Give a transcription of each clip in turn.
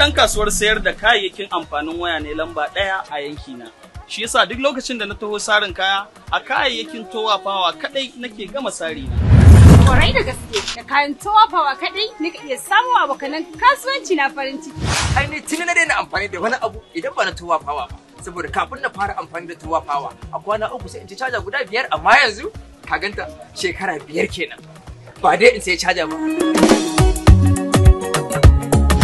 dan kasuwar sayar da kayayyakin amfanin waya ne lamba ɗaya a yankina. Shi yasa duk lokacin da na taho sarin kaya a kayayyakin towa fawa kaɗai nake gama sari na. Kwarai da gaske da kayan towa fawa kaɗai nika iya samu abokanan kasuwanci na farin ciki. Ai ne tuni na daina amfani da wani abu idan ba na towa fawa ba. Saboda kafin na fara amfani da towa fawa a kwana uku sai in ci caja guda biyar amma yanzu ka ganta shekara biyar kenan. Ba dai in sai caja ba.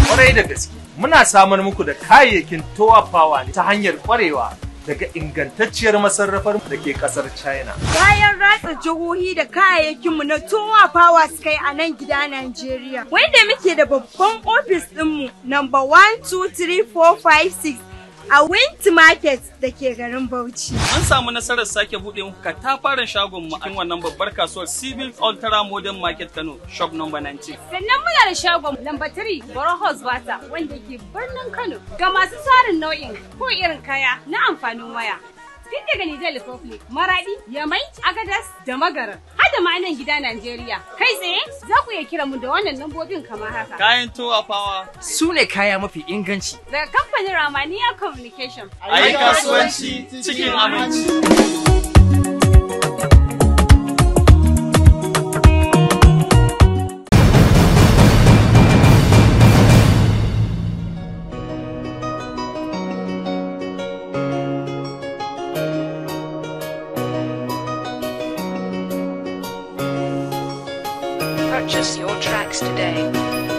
kwarai da gaske muna samar muku da kayayyakin towa power ta hanyar kwarewa daga ingantacciyar masarrafar da ke kasar China. Bayan ratsa jihohi da kayayyakinmu na towa power sky a nan gida Najeriya, wanda muke da babban ofis ɗinmu number 123456 a Wint Market da ke garin Bauchi. An samu nasarar sake buɗe muka ta fara shagon mu a wannan babbar kasuwar Civil Ultra Modern Market Kano shop number 19. Sannan muna da shagon lamba 3 Borough House Bata wanda ke birnin Kano ga masu tsarin nau'in ko irin kaya na amfanin waya. Tun daga Nijar Republic, Maradi, Yamai, Agadas da Magaran. Har da ma gida Najeriya. Kai tsaye za ku iya kira mu da wannan lambobin kamar haka. Kayan tuwa fawa. Su ne kaya mafi inganci. Daga kamfanin Ramaniya Communication. A yi kasuwanci cikin aminci. purchase your tracks today.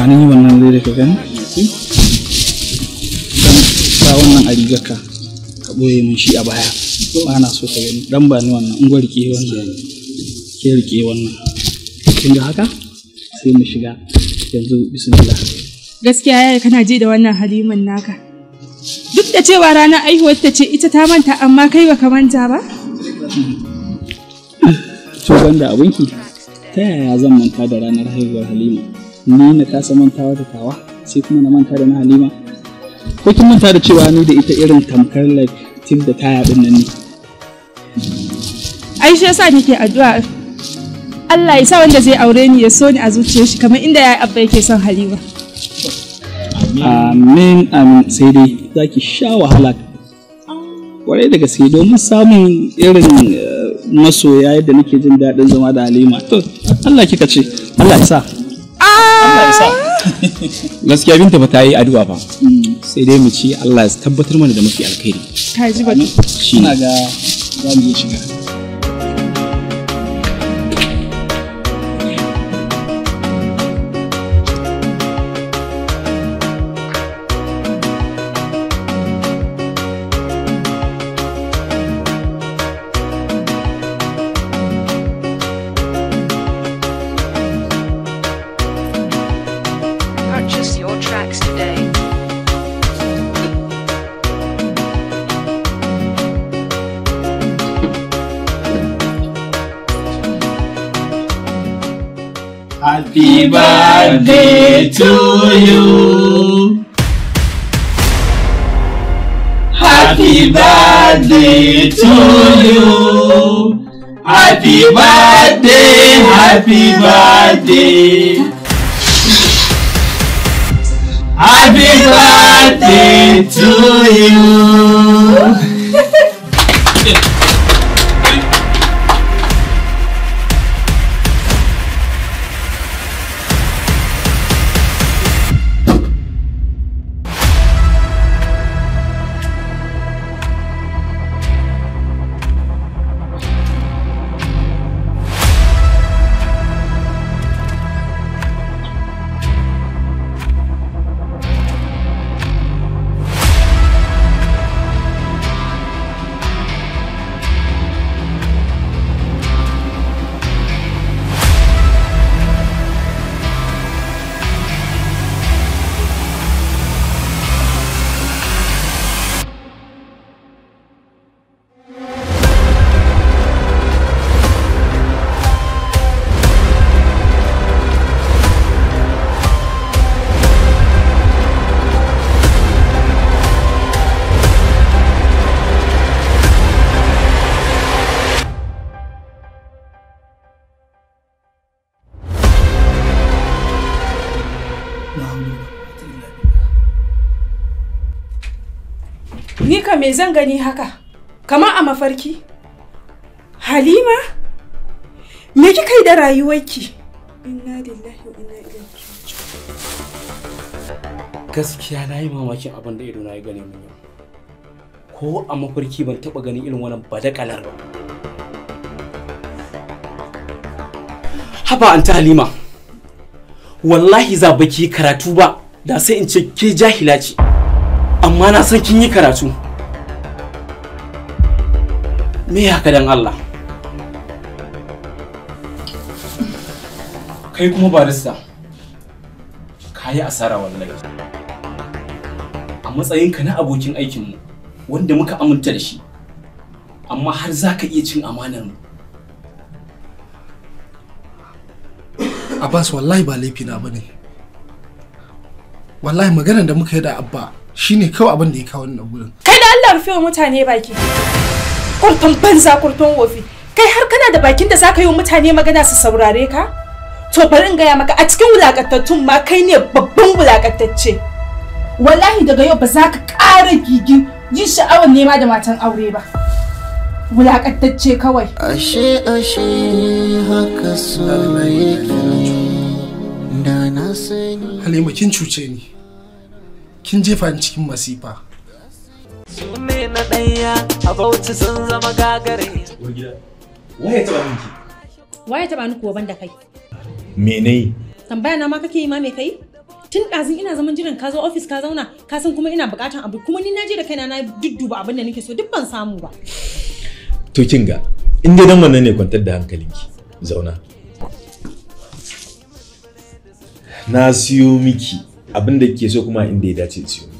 amfani wannan zai da ka gani dan sa wannan a rigarka ka ɓoye min shi a baya ba na so ka gani dan ba ni wannan in gwa rike wannan ke rike wannan kin ga haka sai mu shiga yanzu bismillah gaskiya yayi kana ji da wannan haliman naka duk da cewa ranar aihuwar ta ce ita ta manta amma kai baka manta ba to banda abinki ta yaya zan manta da ranar haihuwar halima ni na kasa mantawa da tawa sai kuma na manta da na halima ko kin manta da cewa ni da ita irin tamkar latif da taya din nan ne ai shi yasa nake addu'a Allah ya sa wanda zai aure ni ya so ni a zuciyar shi kamar inda ya abba yake son halima amin amin sai dai zaki sha wahala kwarai da gaske domin samun irin eh, masoya yadda nake jin daɗin zama da halima to Allah kika ce Allah ya sa gaskiya binta ba ta yi addu'a ba sai dai mu ci Allah ya tabbatar mana da mafi alkhairi ka ji ba shi ga za mu shiga birthday to you. Happy birthday to you. Happy birthday, happy birthday. Happy birthday to you. me zan gani haka? Kama a mafarki? Halima? Me kika yi da rayuwarki? Inna lillahi wa inna ilaihi Gaskiya na yi mamakin abin da ido na yi gane mun Ko a mafarki ban taba ganin irin wannan badakalar ba. Haba an ta Halima. Wallahi za baki karatu ba da sai in ce ke jahila ce. Amma na san kin yi karatu. me haka dan Allah kai kuma barista ka yi asara wallahi a matsayinka na abokin aikinmu wanda muka aminta da shi amma har za ka iya cin amanar mu Abbas wallahi ba laifi ba ne wallahi maganar da muka yi da abba shine kawai abin da ya kawo wannan gurin kai da Allah rufe wa mutane baki kurtun banza kurtun wofi kai har kana da bakin da zaka yi mutane magana su saurare ka to bari in gaya maka a cikin wulakantattun ma kai ne babban wulakantacce wallahi daga yau ba za ka ƙara gigi yin sha'awar nema da matan aure ba wulakantacce kawai ashe ashe haka so da na sani halima kin cuce ni kin jefa ni cikin masifa su ne na ɗanya a bauchi sun zama gagare waye taɓa miki waye taɓa ni kuwa banda kai me ne tambaya na ma kake yi ma me kai tun ɗazin ina zaman jiran ka zo ofis ka zauna ka san kuma ina buƙatan abu kuma ni na je da kaina na dudduba abin da nake so duk ban samu ba to kin ga in dai dan ne kwantar da hankalinki zauna na siyo miki abin da ke so kuma inda ya dace siyo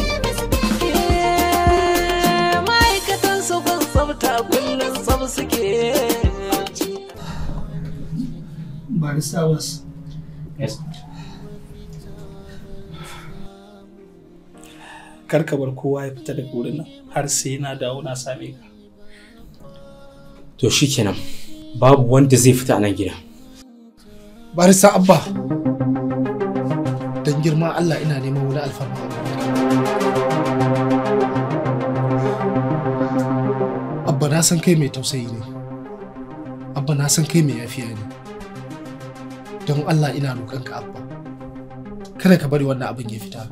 his service. Yes. Kar ka bar kowa ya fita daga wurin nan har sai na dawo na same ka. To shikenan. Babu wanda zai fita nan gida. Barisa Abba. Dan girma Allah ina neman wani alfarma. Abba na san kai mai tausayi ne. Abba na san kai mai yafiya ne. don Allah ina roƙonka abba kada ka bari wannan abin ya fita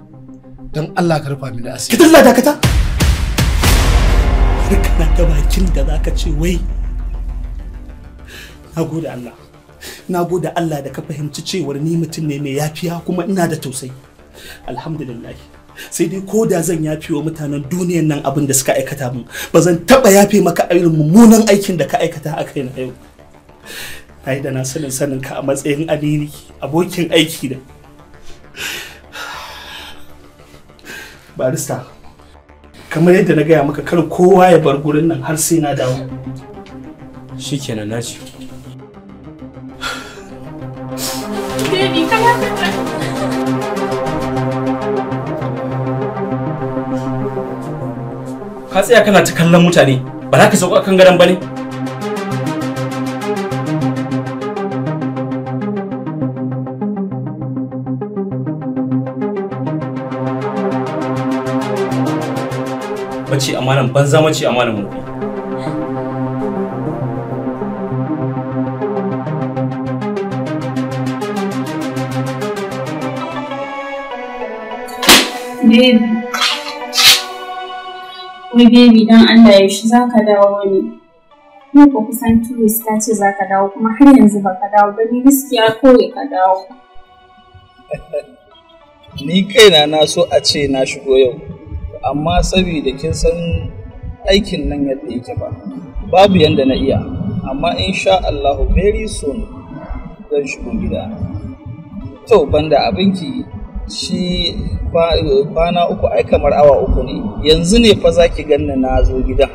don Allah ka rufa mini asiri ka dalla dakata kana da bakin da zaka ce wai na gode Allah na Allah da ka fahimci cewar ni mutum ne mai yafiya kuma ina da tausayi alhamdulillah sai dai ko da zan yafi wa mutanen duniyar nan abin da suka aikata min ba zan taba yafe maka irin mummunan aikin da ka aikata a kaina yau na yi da na sanin sanin ka a matsayin amini abokin aiki da barista kamar yadda na gaya maka kar kowa ya bar gurin nan har sai na dawo shikenan na ce ka tsaya kana ta kallon mutane ba za ka sauka kan gadon ba ne mace amanan banza mace amanan murfi Baby, wai baby don Allah yaushe za ka dawo ne? Yau ko kusan turis ta ce za ka dawo kuma har yanzu ba ka dawo ba ni gaskiya kawai ka dawo. Ni kaina na so a ce na shigo yau. amma saboda kin san aikin nan yadda yake ba babu yanda na iya amma insha Allahu very soon zan shigo gida to banda abinki shi kwana uku ai kamar awa uku ne yanzu ne fa zaki ganna na zo gidan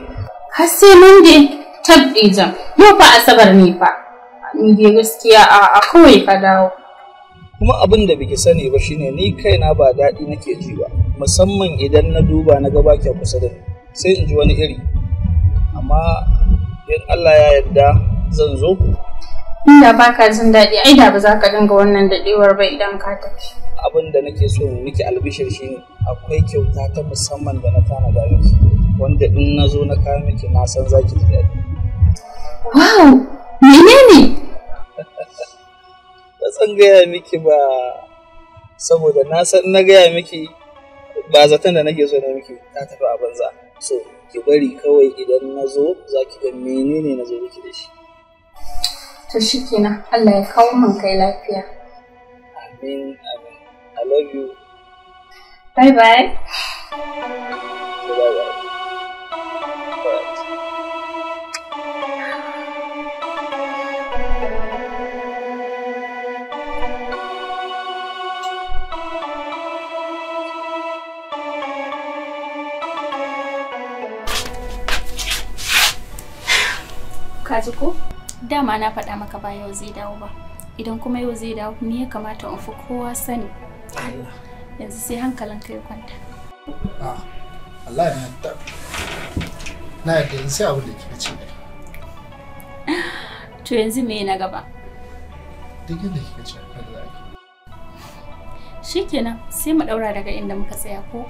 har sai monday tabbijin yau fa asabar ne fa ni dai gaskiya a kawai ka dawo kuma abin da biki sani ba shine ni kaina ba daɗi nake ji ba musamman idan na duba na gaba ke kusa da ni sai in ji wani iri amma in Allah ya yarda zan zo inda ba ka jin daɗi ai da ba za ka dinga wannan daɗewar ba idan ka tafi abin da nake so miki albishir shi ne, akwai kyauta ta musamman da na tanada miki wanda in na zo na kawo miki na san za ki ji daɗi wow menene ba zan gaya miki ba saboda na san na gaya miki ba zaton da nake so da miki ta tafi a banza so ki bari kawai idan na zo za ki ga menene na zo miki da shi to shi kenan Allah ya kawo min kai lafiya amin amin i love you bye bye bye bye ka ji ko? Dama na faɗa maka ba yau zai dawo ba. Idan kuma yau zai dawo ni ya kamata in fi kowa sani. Allah. Yanzu sai hankalin kai kwanta. Ah, Allah ya yarda. Na yarda in sai abu da kika ce. To yanzu me na gaba? Duk inda kika ce haka da ake. Shikenan sai mu daura daga inda muka tsaya ko?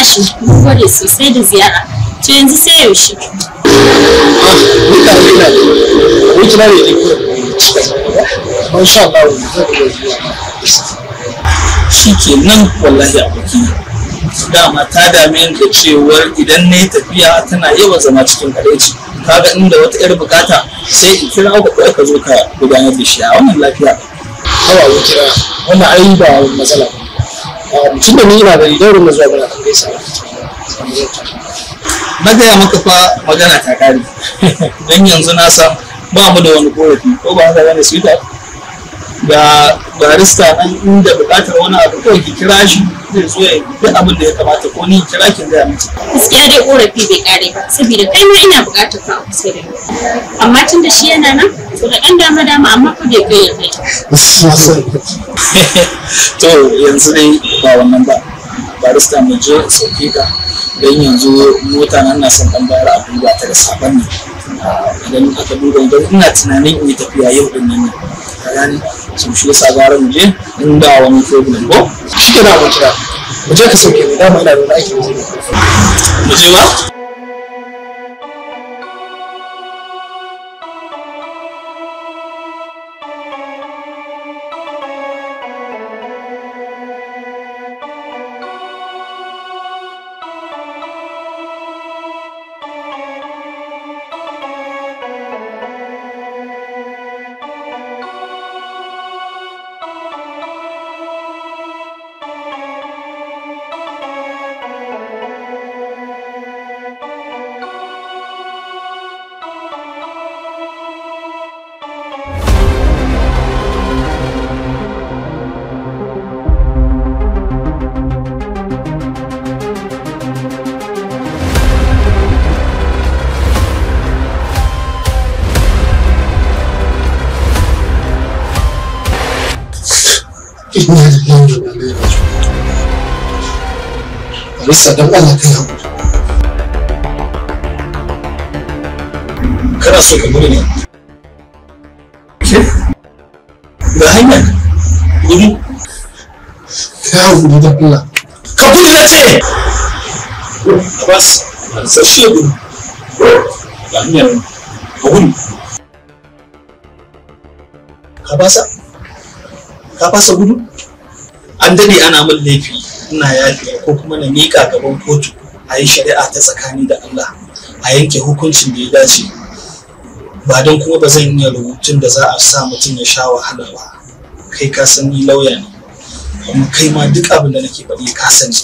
tashi mun gode sosai da ziyara to yanzu sai yaushe shi ke nan wallahi aboki dama ta dame da cewar idan na yi tafiya tana yawan zama cikin kareci kaga inda wata yar bukata sai in kira ka kawai ka zo ka gudanar da shi a wannan lafiya hawa kira wannan ai ba matsala ba tun ne ni ina gani daurin na zuwa gana an gaisa na gaya maka fa magana ta kare don yanzu na san ba mu da wani korafi ko ba haka gane sweetheart ga barista nan inda bukatar wani abu kawai ki kira shi zai zo ya duk abin da ya kamata ko ni kira ki gaya miki gaskiya dai korafi bai kare ba saboda kai ma ina bukatar ka a kusa da ni amma tun da shi yana nan to da dan dama dama amma ko bai kai ya kai to yanzu dai ba wannan ba barista mu je sauki ka don yanzu mota nan na son dan bayar abu ba ta da sabon ne ah, idan aka duba idan ina tunanin in tafiya yau din nan ne gani sun shi yasa gara mu je in da wani problem ke da mu kira mu je ka sauke mu dama ina da aiki mu je ba Alisa don Allah kai haku. Kana so ka gudu ne? Ke? Ga hanya? Gudu? Kai haku Ka gudu na ce! Bas, gudu. hanya, ka gudu. Ka basa? Ka basa gudu? an dade ana min laifi ina yafi ko kuma na miƙa gaban kotu a yi shari'a ta tsakani da Allah a yanke hukuncin da ya dace ba don kuma ba zan iya rubutun da za a sa mutum ya sha wahala ba kai ka san ni lauya ne kuma kai ma duk abin da nake faɗi ka sani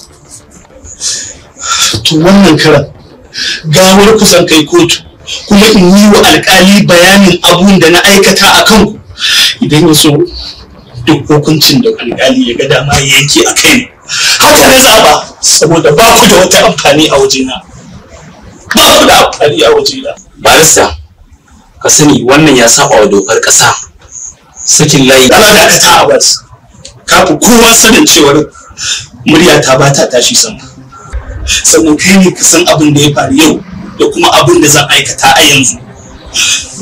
to wannan karan gawar kusan kai kotu kuma in yi wa alƙali bayanin abun da na aikata a kanku idan ya so duk hukuncin da alƙali ya ga dama ya yanke a kai haka na zaba saboda ba ku da wata amfani a wajena ba ku da amfani a wajena barista ka sani wannan ya saba wa dokar ƙasa sakin layi ana da ta abas ka kowa sanin cewar murya ta ba ta tashi sama sannan kai ne ka san abin da ya faru yau da kuma abin da zan aikata a yanzu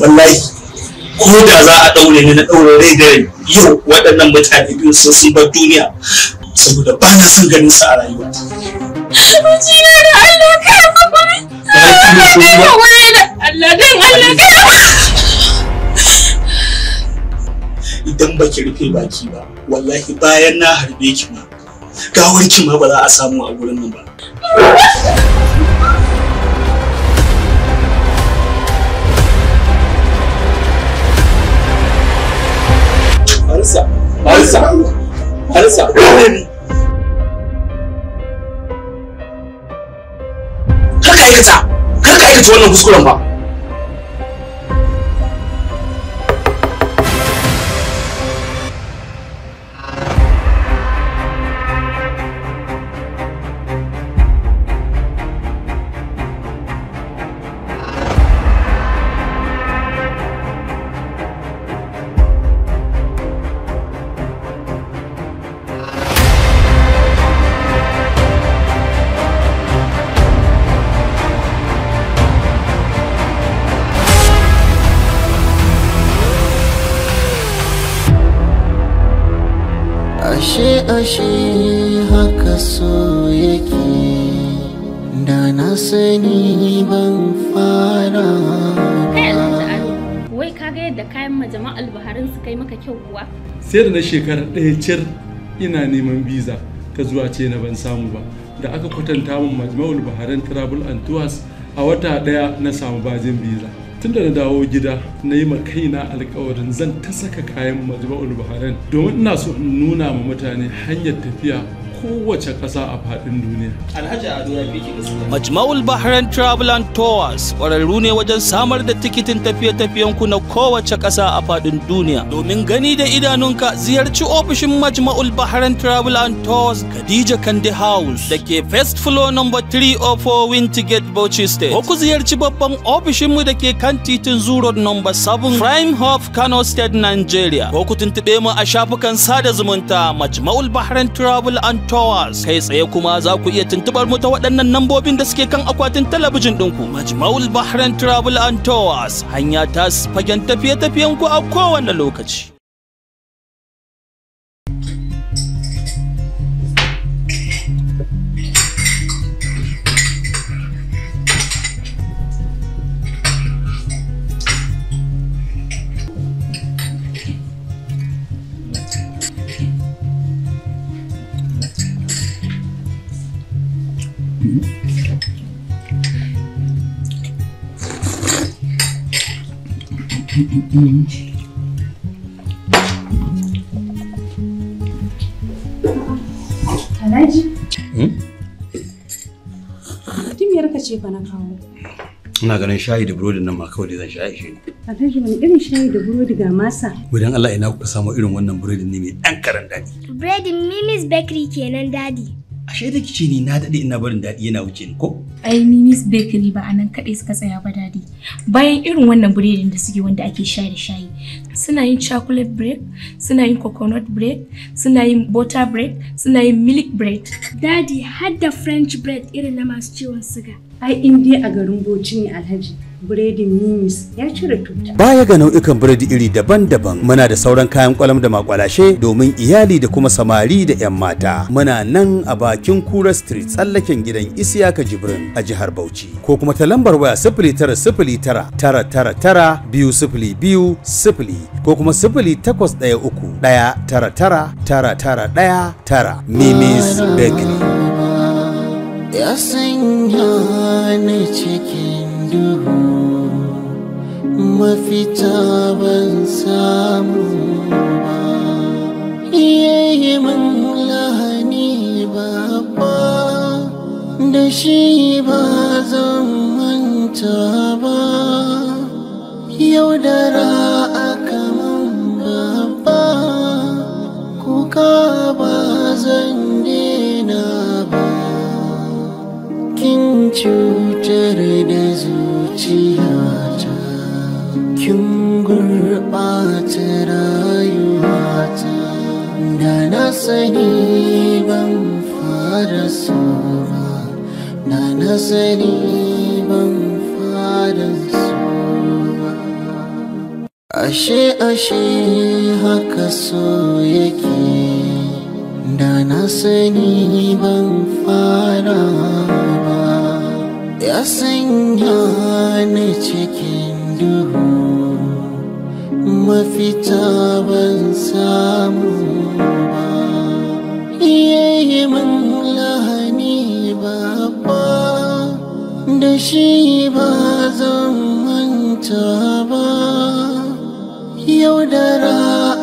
wallahi ko da za a ɗaure ni na ɗaure rai da yau waɗannan mutane biyu sun sun bar duniya saboda ba na son ganin su a rayuwa. Mijina da Allah ka Idan ba ki rufe baki ba, wallahi bayan na harbe ki ma, gawar ki ma ba za a samu a wurin nan ba. Marisa, Marisa, Marisa, Kar ka aikata, kar aikata wannan kuskuren ba. ashe haka so yake da na sani ban fara wai kaga yadda kayan majama'al buharin su kai maka kyau kuwa sai da na shekarar ɗaya cir ina neman biza ta zuwa ce na ban samu ba da aka kwatanta min majma'ul buharin travel and tours a wata ɗaya na samu bajin biza tun da na dawo gida na yi kaina alkawarin zan ta saka kayan majma'ul baharan domin ina so in nuna ma mutane hanyar tafiya kowace ƙasa a faɗin duniya. Alhaji Ado ya fi Majma'ul Bahrain Travel and Tours ƙwararru ne wajen samar da tikitin tafiye-tafiyen na kowace ƙasa a faɗin duniya. Domin gani da idanunka ziyarci ofishin Majma'ul Bahrain Travel and Tours Khadija Kande House da ke First Floor number 304 Wintergate Bauchi State. Ko ku ziyarci babban ofishinmu da ke kan titin Zuro number 7 Prime Hof Kano State Nigeria. Ko ku tuntuɓe mu a shafukan sada zumunta Majma'ul Bahrain Travel and Tours Towers. Kai tsaye kuma za ku iya tuntubar mu ta waɗannan nambobin da suke kan akwatin talabijin ɗinku. Majma'ul Bahrain Travel and Towers hanya ta fagen tafiye-tafiyen ku a kowane lokaci. Alhaji? Dimiyar ka ce fa na kawo. Ina ganin shayi da burodi nan ma kawai da zan shayi shi. Alhaji wani irin shayi da burodi ga masa? Wadan Allah ina kuka samu irin wannan burodin ne mai ɗan karan daɗi. Buredin Mimi's Bakery kenan dadi. ashe da kice ni na daɗe ina barin daɗi yana wuce ni ko? Ai ni Miss Bakery ba anan kaɗai suka tsaya ba daɗi. Bayan irin wannan biredin da suke wanda ake sha da shayi, suna yin chocolate bread, suna yin coconut bread, suna yin butter bread, suna yin milk bread. Dadi har da French bread irin na masu ciwon suga. Ai in dai a garin Bauchi ne Alhaji. biredin mimis ya cire tuta. Baya ga nau'ikan biredi iri daban-daban muna da sauran kayan kwalam da makwalashe domin iyali da kuma samari da 'yan mata. Muna nan a bakin Kura Street tsallaken gidan Isiyaka Jibrin a jihar Bauchi ko kuma ta lambar waya biyu sifili ko kuma tara. Mimis Bakery. Ya sanya ne cikin duhu mafita ban samu ba iyaye min lahani babba da shi ba zan manta ba yaudara aka min babba kuka ba zan dena ba kin cutar sani ban fara so ba na sani ban fara so ba ashe ashe haka so yake da na sani ban fara ba ya sanya ni cikin duhu mafita ban samu shi ba zan manta ba yau da